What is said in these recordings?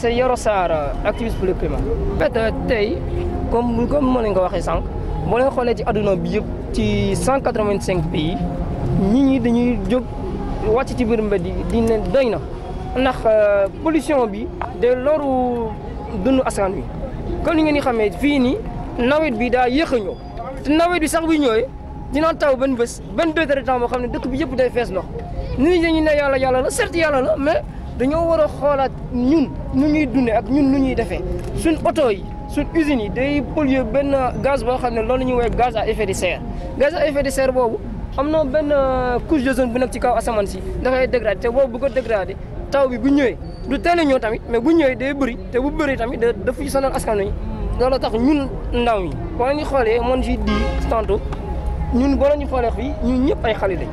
c'est Yoro Sarr activiste pour le climat peut-être tey comme comme mën nañ ko waxee sànq boo leen xoolee ci aduna bi yëpp ci 185 pays nit ñi dañuy jóg wàcc ci biir mbedd yi di ne doy na ndax euh, pollution bi de loru dund askan bi comme ni ngeen di xamee fii nii nawet bi daa yéex a ñëw nawet bi sax bu ñëwee dina taw benn bës benn deux heures de boo xam ne dëkk bi yëpp day fees ndox nit ñi dañuy ne yàlla yàlla la certes yàlla la mais dañoo war a xoolaat ñun nu ñuy dundee ak ñun nu ñuy defee suñ oto yi suñ usines yi day polluer benn gaz boo xam ne loolu ñuy woowee gaz à effet de serre gaz à effet de serre boobu am na benn euh, couche d'ozone bu nekk ci kaw asamaan si dafay dégradé te boobu bu ko dégradé taw bi bu ñëwee du teel a ñëw tamit mais bu ñëwee day bëri te bu bëri tami da dafuy sonal askan wi loolu tax ñun ndaw ñi boo ñu xoolee man si di tantôt ñun boo ñu xoolee fii ñun ñëpp ay xale lañ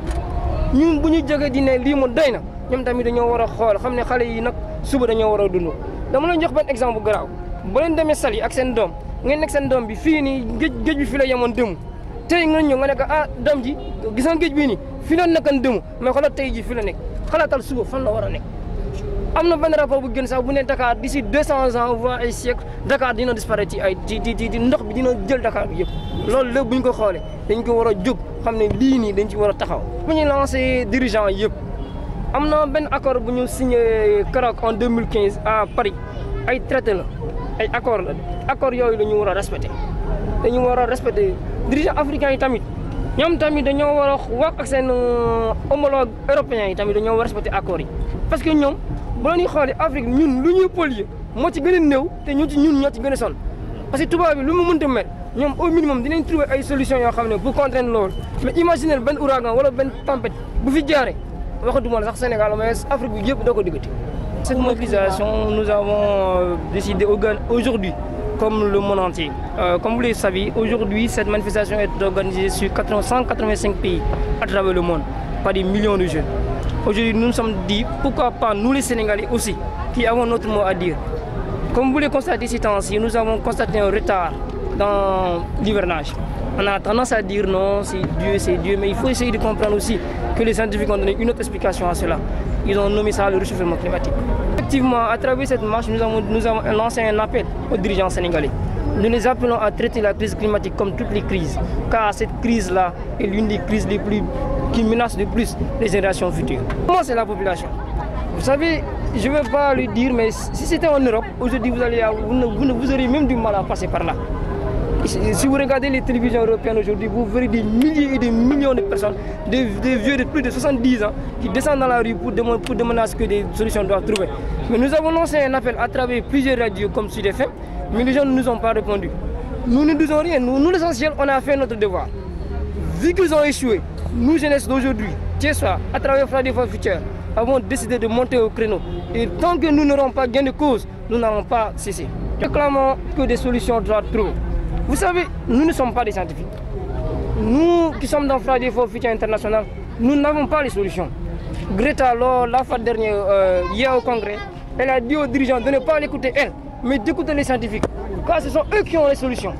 ñun bu ñu jógee di lii moom doy na ñoom tamit dañoo war a xool xam ne xale yi nag suba dañoo war a dund dama leen jox benn exemple bu garaaw ba leen demee sali ak seen doom ngeen nekk seen doom bi fii nii géej géej bi fii la yemoon démb tey nga ñëw nga nekk ah doom ji gis nga géej ni nii fii la nekkoon démb mais xoolal tey ji fii la nekk xalaatal suba fan la war a nekk am na benn rapport bu gën sax bu ne Dakar d'ici deux cent ans voire ay siècle Dakar dina disparaître ci ay ci ci ci ndox bi dina jël Dakar bi yëpp loolu lépp bu ñu ko xoolee dañ ko war a jóg xam ne lii nii dañ ci war a taxaw bu ñuy lancé dirigeant yëpp am na benn accord bu ñu signé keroog en 2015 à Paris ay traité la ay accord la accord yooyu la ñu war a respecté dañu war a respecté dirigeants africains yi tamit ñoom tamit dañoo war a wax ak seen euh, homologue européens yi tamit dañoo war a respecté yi parce que ñoom bu la ñuy xoolee Afrique ñun lu ñuy polluer moo ci gën a néew te ñu ci ñun ñoo ci gën a sonn parce tubaab bi lu mu mënta mel ñoom au minimum dinañ trouver ay solution yoo xam ne bu contraindre loolu mais imaginer benn ouragan wala benn tempête bu fi jaaree waxatuma la sax Sénégal mais Afrique bi yëpp doo ko diggati. cette mobilisation nous avons euh, décidé aujourd'hui comme le monde entier. Euh, comme vous le savez, aujourd'hui, cette manifestation est organisée sur 185 pays à travers le monde, par des millions de jeunes. Aujourd'hui, nous dit, pourquoi pas nous les aussi, qui avons notre mot à Comme vous le constatez ces temps-ci, nous avons constaté un retard dans l'hivernage. on a tendance à non, c'est Dieu, mais il faut essayer de comprendre aussi que les scientifiques ont une autre explication à cela. Ils ont nommé ça le réchauffement climatique. Effectivement, à travers cette marche, nous avons, nous avons appel aux dirigeants sénégalais. Nous appelons à traiter la crise climatique comme toutes les crises, car cette crise-là est la population Vous savez, je mais si c'était vous, allez, vous, ne, du mal à passer Si vous regardez les télévisions européennes aujourd'hui, vous verrez des milliers et des millions de personnes, des, vieux de plus de 70 ans, qui descendent dans la rue pour demander, que des solutions doivent trouver. Mais nous avons lancé un appel à travers plusieurs radios comme Sud FM, mais les gens ne pas répondu. Nous ne disons rien. Nous, nous l'essentiel, on a fait notre devoir. Vu qu'ils ont échoué, nous, jeunesse d'aujourd'hui, soir, à travers Friday Vous savez, nous ne sommes pas des scientifiques. Nous qui sommes dans Friday for Future International, nous n'avons pas les solutions. Greta, lors, la fois dernière, euh, au Congrès, elle a dit aux de ne pas l'écouter elle, mais d'écouter les scientifiques. Car ce sont eux qui ont les solutions.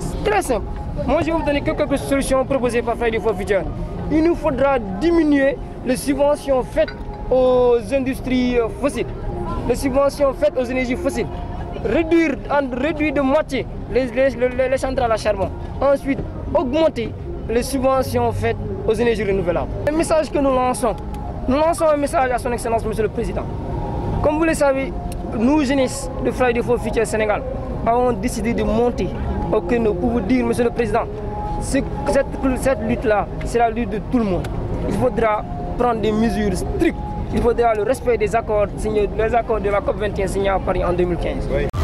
C'est très simple. Moi, je vous donner quelques solutions proposées par Friday for Future. Il nous faudra diminuer les subventions faites aux industries fossiles, réduire, en, réduire de moitié les, les, les, les, centrales à charbon. Ensuite, augmenter les subventions faites aux énergies renouvelables. Le message que nous lançons, nous lançons un message à son Excellence, Monsieur le Président. Comme vous le savez, nous, jeunistes de Friday for Future Sénégal, avons décidé de monter au créneau pour Monsieur le Président, cette, cette lutte-là, c'est la lutte de tout le monde. Il faudra prendre des mesures strictes il faudra le respect des accords signés, les accords de la COP 21 signés à en